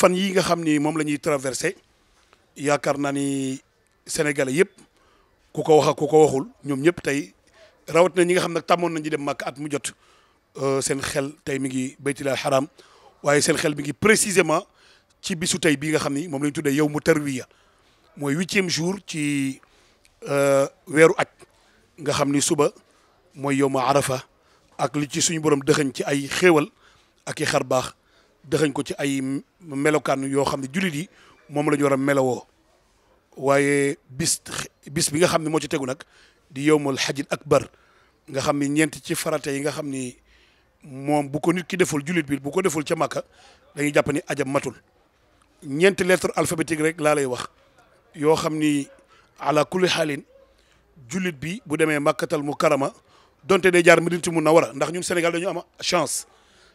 fan yi nga xam ni moom la ñuy traversé yaakaar naa ni sénégalais yëpp ku ko wax ku ko waxul ñoom ñëpp tey rawat na ñi nga xam nag tàmmoon nañu dem màkk at mu jot euh, seen xel tey mi ngi baytilal xaram waaye seen xel mi ngi précisément ci bisu tey bii nga xam ni moom la ñu tuddee yow mu tarwiya mooy huitième jour ci euh, weeru aj nga xam ni suba mooy yow ma arafa ak li ci suñu borom dëxëñ ci ay xéewal ak i xar baax dëxañ ko ci ay melokaan yoo xam ne jullit yi moom la ñu war a melowoo waaye bis bis bi nga xam ne moo ci tegu nag di yowmal xajil akbar nga xam ni ñeenti ci farata yi nga xam ni moom bu ko nit ki deful jullit bi bu ko deful ca màkka dañuy jàpp ni ajam matul ñeenti lettre alphabétique rek laa lay wax yoo xam ni ala kulli xaalin jullit bi bu demee màkkatal mu karama donte day jaar Madinatu Munawwara ndax ñun Sénégal dañu am chance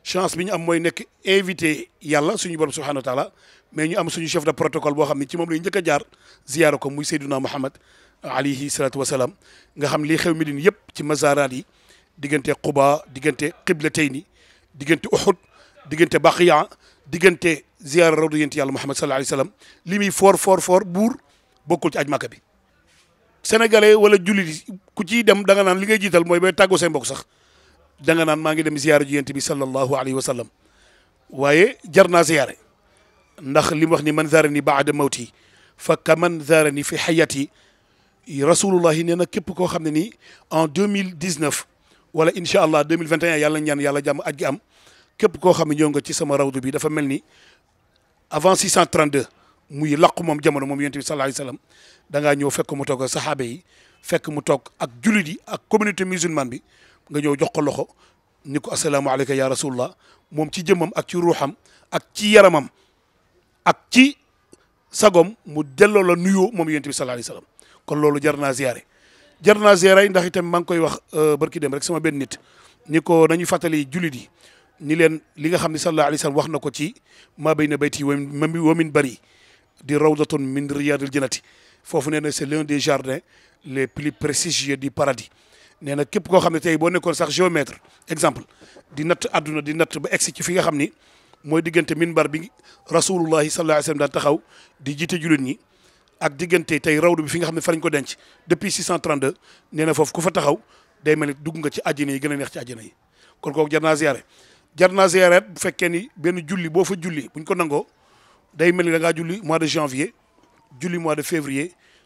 chance bi am moy nek invité yàlla suñu borom subhanahu wa taala mais ñu am suñu chef de protocole bo xamni ci mom lay ñu jaar ziyaara ko muy Seydina Muhammad alayhi salaatu wasalaam nga xam li xew Medine yëpp ci mazarat yi digënté Quba digënté Qiblatayni digënté Uhud digënté Baqiya digënté ziyaara rawdu yent yàlla Muhammad sallallahu alayhi wasallam limi for for for bour bokul ci ajmaka bi sénégalais wala julit ku ci dem da nga nan li ngay jital moy bay tàggoo sen bok sax da naan maa ngi dem ziyaare ji yonent bi sallallahu alayhi wa sallam waaye jar naa ziyaare ndax li mu wax ni man zaarani baada mawti fa kaman zaarani fi hayati rasulullahi nee na képp koo xam ne nii en deux mille dix neuf wala incha allah deux mille vingt et un yàlla ñaan yàlla jàmm aj gi am képp koo xam ne ñëw nga ci sama rawdu bi dafa mel ni avant six cent trente deux muy laq moom jamono moom yonent bi sallallahu alayhi wa sallam ñëw fekk mu toog saxaaba yi fekk mu toog ak jullit yi ak communauté musulmane bi. nga ñëw jox ko loxo niko assalamu alayka ya rasulullah mom ci jëmam ak ci ruham ak ci yaramam ak ci sagom mu delo la nuyoo mom yentibi sallallahu alayhi wasallam kon lolu jarna ziaré jarna ziaré ndax itam mang koy wax barki dem rek sama ben nit niko ko nañu fàttali jullit yi ni len li nga xamni sallallahu alayhi wasallam waxnako ci ma bayna bayti wa min bari di rawdatun min riyadil jannati fofu nee c'est l'un des jardins les plus prestigieux du paradis nee na képp koo xam ne tey boo nekkoon sax géomètre exemple di natt àdduna di natt ba egsi ci fi nga xam ni mooy diggante minbar bi rasulullahi sallallahu alayhi wa sallam taxaw di jiite julit ñi ak diggante tey rawdu bi fi nga xam ne lañ ko denc depuis 632 nee na foofu ku fa taxaw day mel ni dugg nga ci àjjana yi gën a neex ci àjjana yi kon kooku jar naa ziyaare jar naa ziyaare bu fekkee ni benn julli boo fa julli buñ ko nangoo day mel ni da ngaa julli mois de janvier julli mois de février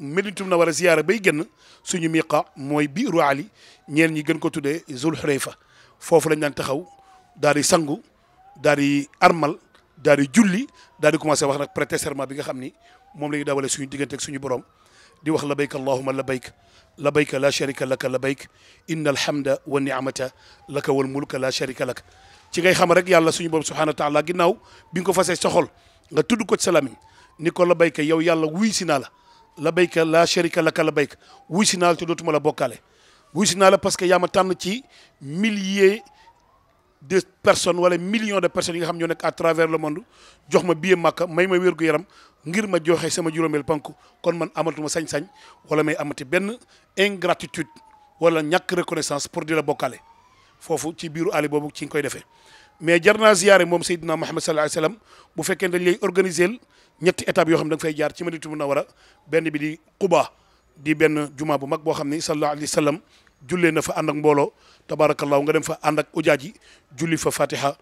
ملتم نوار زيارة بيجن سنو ميقا موي بي روالي نيال ني غن كوتو دي زول حريفة فوف لن نان تخو داري سنغو داري أرمل داري جولي داري كما سيوخ نك بريتسر ما بيغا خمني موم لغي داوالي سنو ديغن تك سنو بروم دي وخ لبيك اللهم لبيك لبيك لا شريك لك لبيك إن الحمد والنعمة لك والملك لا شريك لك ci ngay xam rek yalla suñu borom subhanahu wa ta'ala ginnaw bi nga ko fassé soxol nga tuddu ko salamin ni ko la labayka la sharika laka labayka wuy si naa la te dootuma la bokkaale wuy si parce que yama tan ci milliers de personnes wala millions de personnes yi nga xam ñu nek à travers le monde jox ma billet Makka may ma wergu yaram ngir ma joxe sama juromel pank kon man amatuma sañ-sañ wala may amati ben ingratitude wala ñak reconnaissance pour di la bokkaale foofu ci biiru ali bobu ci nga koy defee mais jarna naa mom sayyidina mohammed Muhammad sallallahu alayhi wasallam bu fekkee dañ lay organiser ñetti étape yo xamne dang fay jaar ci Madinatu munawwara benn bi di Quba di benn juma bu mag bo xamne sallallahu alaihi wasallam. julle na fa and ak mbolo tabarakallah nga dem fa and ak ujaaji julli fa fatiha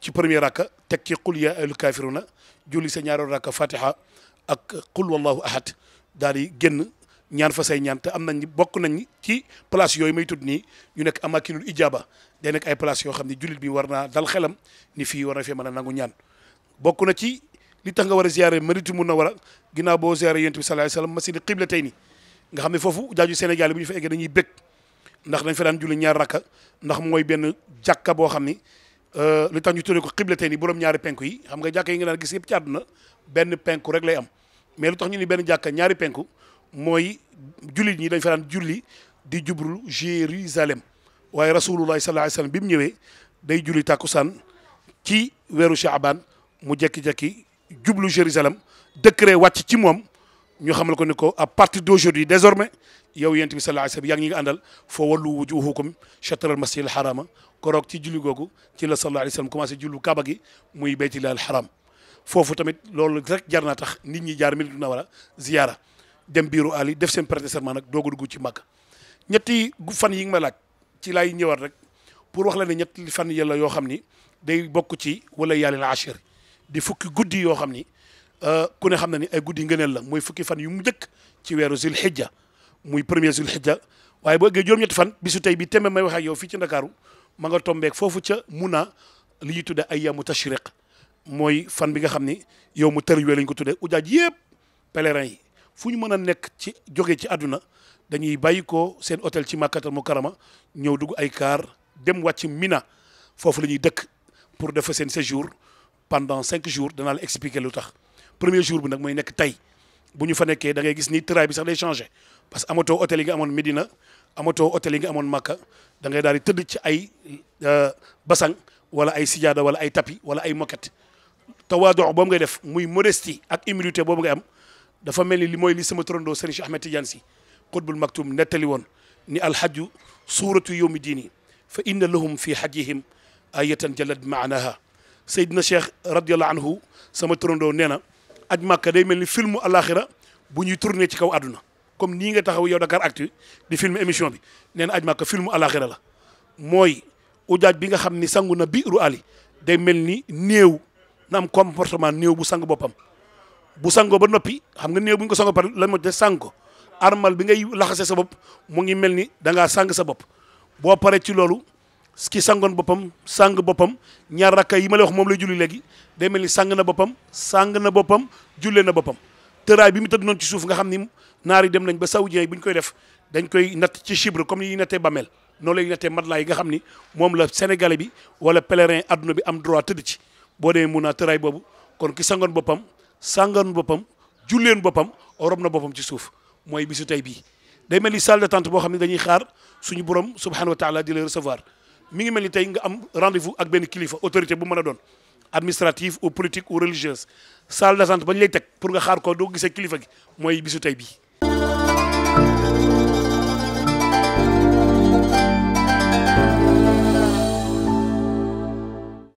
ci premier rakka tek ci qul ya ayyul kafiruna julli sa ñaaro rakka fatiha ak qul wallahu ahad dali genn ñaan fa say ñaan te am nañ bokku nañ ci place yoy may tud ni ñu nek amakinul ijaba day nek ay place yo xamne julit bi warna dal xelam ni fi war fe fee nangu ñaan bokku na ci li tax nga war a ziare mariti mun na war a ginnaaw boo ziare yonent bi sallallahu alayhi wasallam masjid xibla tey ni xam ne foofu jaaju Sénégal yi bu ñu fa eggee dañuy bëgg ndax dañ fa daan julli ñaar rakka ndax mooy benn jàkka boo xam ni euh, li tax ñu tuddee ko xibla ni borom ñaari penku yi xam nga jàkka yi nga gis yëpp ci àdduna benn penku rek lay am mais lu tax ñu ni benn jàkka ñaari penku mooy jullit ñi dañ fa daan julli di jublu Jérusalem waaye rasulullahi sallallahu alayhi wasallam bi mu ñëwee day julli tàkkusaan ci weeru Shaaban mu jekki-jekki jublu Jérusalem décret wacc ci mom ñu xamal ko ni ko à partir d'aujourd'hui désormais yow yent bi sallallahu alayhi wa sallam yaa ngi ñu àndal foo wallu wujuhukum shatr al masjid al harama ci julli gogu ci la sallallahu alayhi wa sallam commencé kaaba gi muy baytillah al haram foofu tamit loolu rek jarna tax nit ñi jaar na wala ziyara dem ali def sen prêter serment nag doog a ci Makka ñetti fan yi nga ma laaj ci lay ñewat rek pour wax la ne ñetti fan yàlla yoo xam day bokku ci wala yàlla la di fukki guddi yoo xam ni euh, ku ne xam na ni ay guddi ngëneel la muy fukki fan yu mu njëkk ci weeru zil xijja muy premier zil xijja waaye boo eggee juróom-ñetti fan bisu tey bi tembe may wax ak yow ci ndakaaru ma nga tombeek foofu ca muna li ñuy tudde ay yamu tashriq mooy fan bi nga xam ni yow mu tarwiya lañ ko tudde ujaaj yëpp pèlerin yi fu ñu mën a nekk ci jóge ci àdduna dañuy bàyyi ko seen hôtel ci mu Mukarrama ñëw dugg ay kaar dem wàcc Mina foofu la ñuy dëkk pour def seen séjour pendant cinq jours danaa la expliquer lu premier jour bi nag mooy nekk tey bu fa nekkee da ngay gis ni tiraay bi sax parce que amatoo yi nga amoon Médina amatoo yi nga amoon Makka da ngay daal di ci ay euh, basang wala ay sijaada wala ay tapis wala ay moquette tawaadu boobu ngay def muy modestie ak humilité boobu ngay am dafa mel ni li mooy li sama Ahmed Tidiane Sy xutbul maktum nettali ni alhajju suuratu yowmi diini fa inna lahum fi hajjihim ayatan jallat sayyidina Cheikh radiyallahu anhu sama turandoo neena aj makka day melni film filmu alaxira bu ñuy ci kaw aduna comme ni nga taxaw yow di film émission bi neena na aj film filmu alaxira la mooy ujaaj bi nga xamni sanguna ali day melni new nam na am comportement new bu sang bopam bu sangoo ba nopi xam nga new buñ ko par lan mo sango armal bi ngay laxase sa bop mo ngi melni da nga sang sa bop bo paré ci ki sangoon boppam sàng boppam ñaar rakka yi ma lay wax moom la julli léegi day mel ni sàng na boppam sàng na boppam jullee na boppam tëraay bi mu tëdd noonu ci suuf nga xam ni naar dem nañ ba saoudien yi bu ñu koy def dañ koy natt ci chibre comme yi nattee bàmmeel noonu lay nattee matelas yi nga xam ni moom la sénégalais bi wala pèlerin adduna bi am droit tëdd ci boo demee mun naa tëraay boobu kon ki sangoon boppam sàngoon boppam julleen boppam rob na boppam ci suuf mooy bisu tey bii day mel ni salle d'attente boo xam ne dañuy xaar suñu borom subhanahu wa taala di lay recevoir mi ngi mel ni tey nga am rendez-vous ak benn kilifa autorité bu mën a administrative ou politique ou religieuse salle d'attente ba ñu lay teg pour nga xaar ko doo gisee kilifa gi mooy bisu tey bii